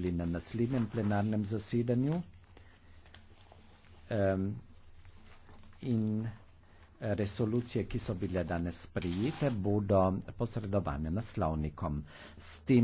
ali na naslednjem plenarnem zasedanju. Um, in resolucije, ki so bile danes sprejete, bodo posredovane naslovnikom. S tem